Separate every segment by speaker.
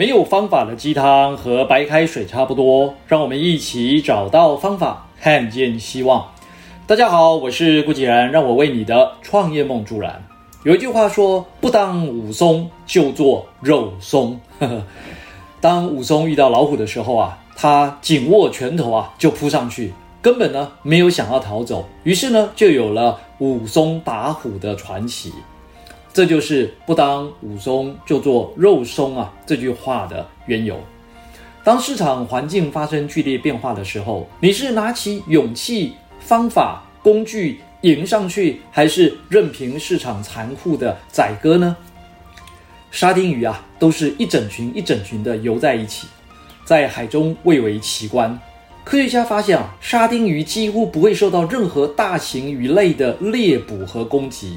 Speaker 1: 沒有方法的雞湯和白開水差不多，讓我們一起找到方法，看見希望。大家好，我是顧竟然，讓我為你的創業夢助燃。有一句話說：“不當武松就做肉鬆。 ”當武松遇到老虎的時候啊，他緊握拳頭啊，就撲上去，根本呢沒有想要逃走，於是呢就有了武松打虎的傳奇。這就是不當武松就做肉鬆啊，這句話的緣由。當市場環境發生劇烈變化的時候，你是拿起勇氣、方法、工具迎上去，還是任憑市場殘酷的宰割呢？沙丁魚啊，都是一整群一整群的游在一起，在海中蔚為奇觀。科學家發現啊，沙丁魚幾乎不會受到任何大型魚類的獵捕和攻擊。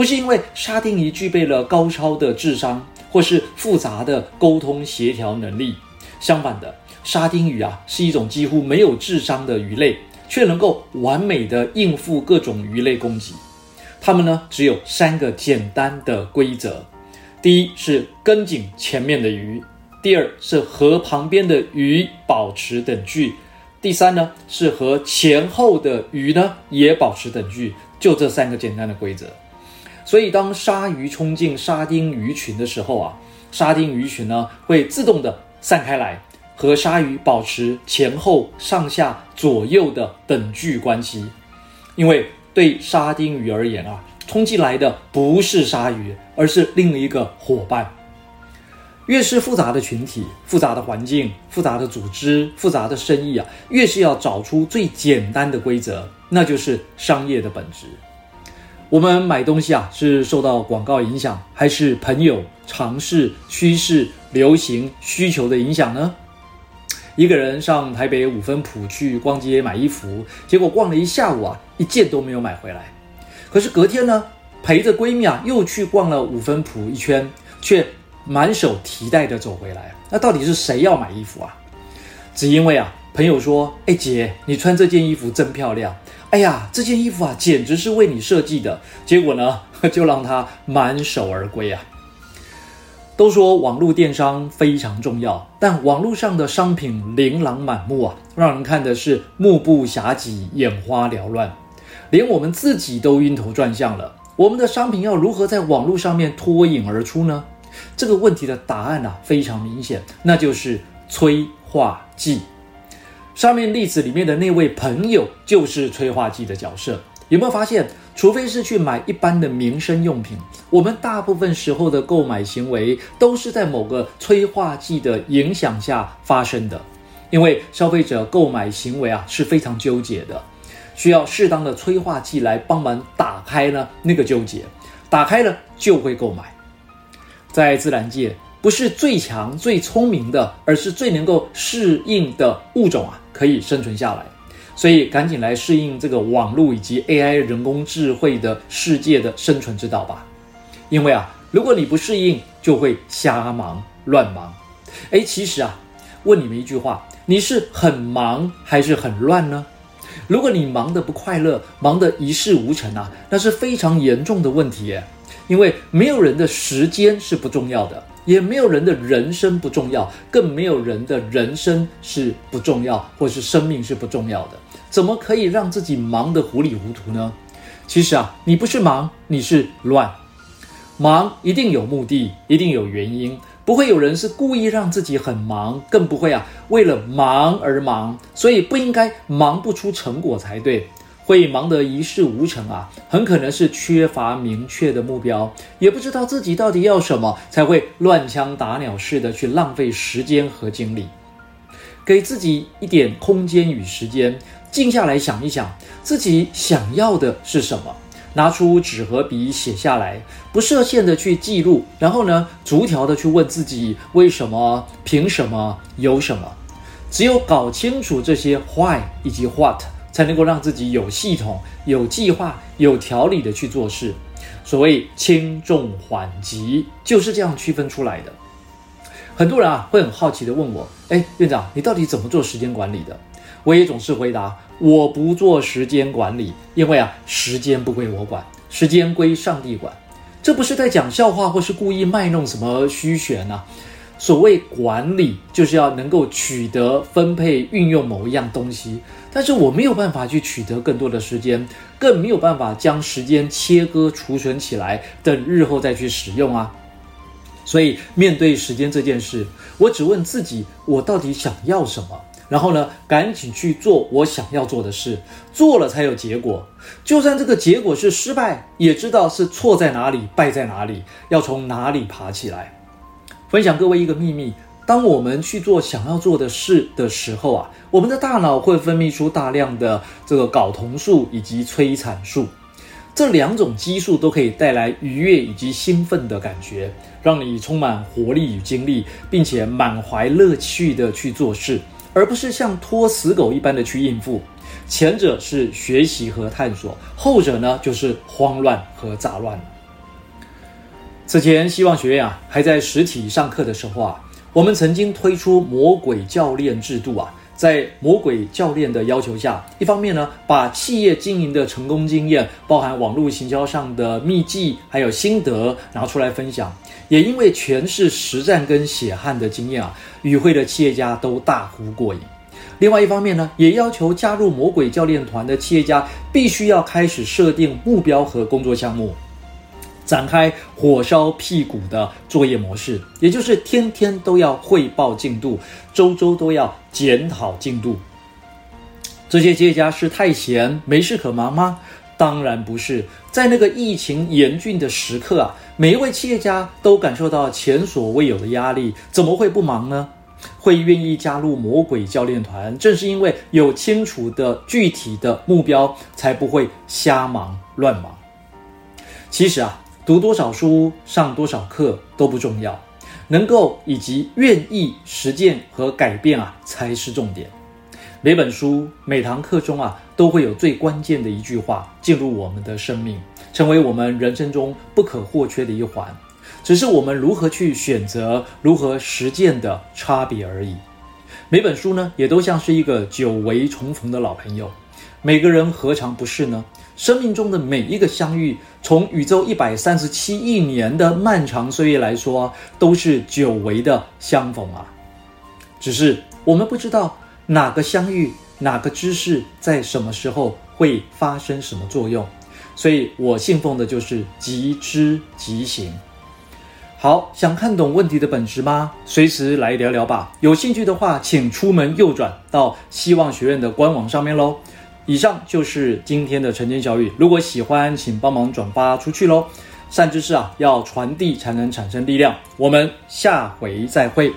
Speaker 1: 不是因為沙丁魚具備了高超的智商或是複雜的溝通協調能力，相反的，沙丁魚啊是一種幾乎沒有智商的魚類，卻能夠完美地應付各種魚類攻擊。它們呢只有三個簡單的規則：第一是跟緊前面的魚，第二是和旁邊的魚保持等距，第三呢是和前後的魚呢也保持等距。就這三個簡單的規則。所以，當鯊魚衝進沙丁魚群的時候啊，沙丁魚群呢會自動地散開來，和鯊魚保持前後、上下、左右的等距關係。因為對沙丁魚而言啊，衝進來的不是鯊魚，而是另一個夥伴。越是複雜的群體、複雜的環境、複雜的組織、複雜的生意啊，越是要找出最簡單的規則，那就是商業的本質。我們買東西啊，是受到廣告影響，還是朋友嘗試趨勢流行需求的影響呢？一個人上台北五分埔去逛街買衣服，結果逛了一下午啊，一件都沒有買回來。可是隔天呢，陪着閨蜜啊，又去逛了五分埔一圈，卻滿手提袋的走回來。那到底是誰要買衣服啊？只因為啊，朋友說：“哎，姐，你穿這件衣服真漂亮。”哎呀，這件衣服啊，簡直是為你設計的。結果呢，就讓他滿手而歸啊。都說網絡電商非常重要，但網絡上的商品琳琅滿目啊，讓人看的是目不暇給，眼花繚亂，連我們自己都暈頭轉向了。我們的商品要如何在網絡上面脫穎而出呢？這個問題的答案啊，非常明顯，那就是催化劑。上面例子裡面的那位朋友就是催化劑的角色。有沒有發現，除非是去買一般的民生用品，我們大部分時候的購買行為都是在某個催化劑的影響下發生的。因為消費者購買行為啊是非常糾結的，需要適當的催化劑來幫忙打開呢那個糾結，打開了就會購買。在自然界。不是最強、最聰明的，而是最能夠適應的物種啊，可以生存下來。所以趕緊來適應這個網絡以及 AI 人工智慧的世界的生存之道吧。因為啊，如果你不適應，就會瞎忙亂忙。哎，其實啊，問你們一句話：你是很忙還是很亂呢？如果你忙得不快樂，忙得一事無成啊，那是非常嚴重的問題誒。因為沒有人的時間是不重要的。也沒有人的人生不重要，更沒有人的人生是不重要，或者是生命是不重要的。怎麼可以讓自己忙得糊裡糊塗呢？其實啊，你不是忙，你是亂。忙一定有目的，一定有原因，不會有人是故意讓自己很忙，更不會啊為了忙而忙。所以不應該忙不出成果才對。會忙得一事無成啊，很可能是缺乏明確的目標，也不知道自己到底要什麼，才會亂槍打鳥似的去浪費時間和精力。給自己一點空間與時間，靜下來想一想自己想要的是什麼，拿出紙和筆寫下來，不設限的去記錄，然後呢，逐條的去問自己為什麼、憑什麼、有什麼。只有搞清楚這些 “why” 以及 “what”。才能夠讓自己有系統、有計劃、有條理的去做事。所謂輕重緩急就是這樣區分出來的。很多人啊會很好奇的問我：“哎，院長，你到底怎麼做時間管理的？”我也總是回答：“我不做時間管理，因為啊，時間不歸我管，時間歸上帝管。”這不是在講笑話，或是故意賣弄什麼虛玄啊。所謂管理，就是要能夠取得、分配、運用某一樣東西。但是我沒有辦法去取得更多的時間，更沒有辦法將時間切割儲存起來，等日後再去使用啊。所以面對時間這件事，我只問自己：我到底想要什麼？然後呢，趕緊去做我想要做的事，做了才有結果。就算這個結果是失敗，也知道是錯在哪裡，敗在哪裡，要從哪裡爬起來。分享各位一個祕密。當我們去做想要做的事的時候啊，我們的大腦會分泌出大量的這個睾酮素以及催產素，這兩種激素都可以帶來愉悅以及興奮的感覺，讓你充滿活力與精力，並且滿懷樂趣地去做事，而不是像拖死狗一般的去應付。前者是學習和探索，後者呢就是慌亂和雜亂。此前，希望學院啊還在實體上課的時候啊。我們曾經推出魔鬼教練制度啊，在魔鬼教練的要求下，一方面呢，把企業經營的成功經驗，包含網絡行銷上的秘籍，還有心得拿出來分享，也因為全是實戰跟血汗的經驗啊，與會的企業家都大呼過癮。另外一方面呢，也要求加入魔鬼教練團的企業家，必須要開始設定目標和工作項目。展開火燒屁股的作業模式，也就是天天都要匯報進度，周周都要檢討進度。這些企業家是太閒沒事可忙嗎？當然不是。在那個疫情嚴峻的時刻啊，每一位企業家都感受到前所未有的壓力，怎麼會不忙呢？會願意加入魔鬼教練團，正是因為有清楚的具體的目標，才不會瞎忙亂忙。其實啊。讀多少書，上多少課都不重要，能夠以及願意實踐和改變啊才是重點。每本書、每堂課中啊，都會有最關鍵的一句話進入我們的生命，成為我們人生中不可或缺的一環。只是我們如何去選擇、如何實踐的差別而已。每本書呢，也都像是一個久違重逢的老朋友。每個人何嘗不是呢？生命中的每一個相遇，從宇宙一百三十七億年的漫長歲月來說，都是久違的相逢啊！只是我們不知道哪個相遇、哪個知識在什麼時候會發生什麼作用，所以我信奉的就是即知即行。好，想看懂問題的本質嗎？隨時來聊聊吧。有興趣的話，請出門右轉到希望學院的官網上面嘍。以上就是今天的晨間小語，如果喜歡，請幫忙轉發出去嘍。善知識啊，要傳遞才能產生力量。我們下回再會。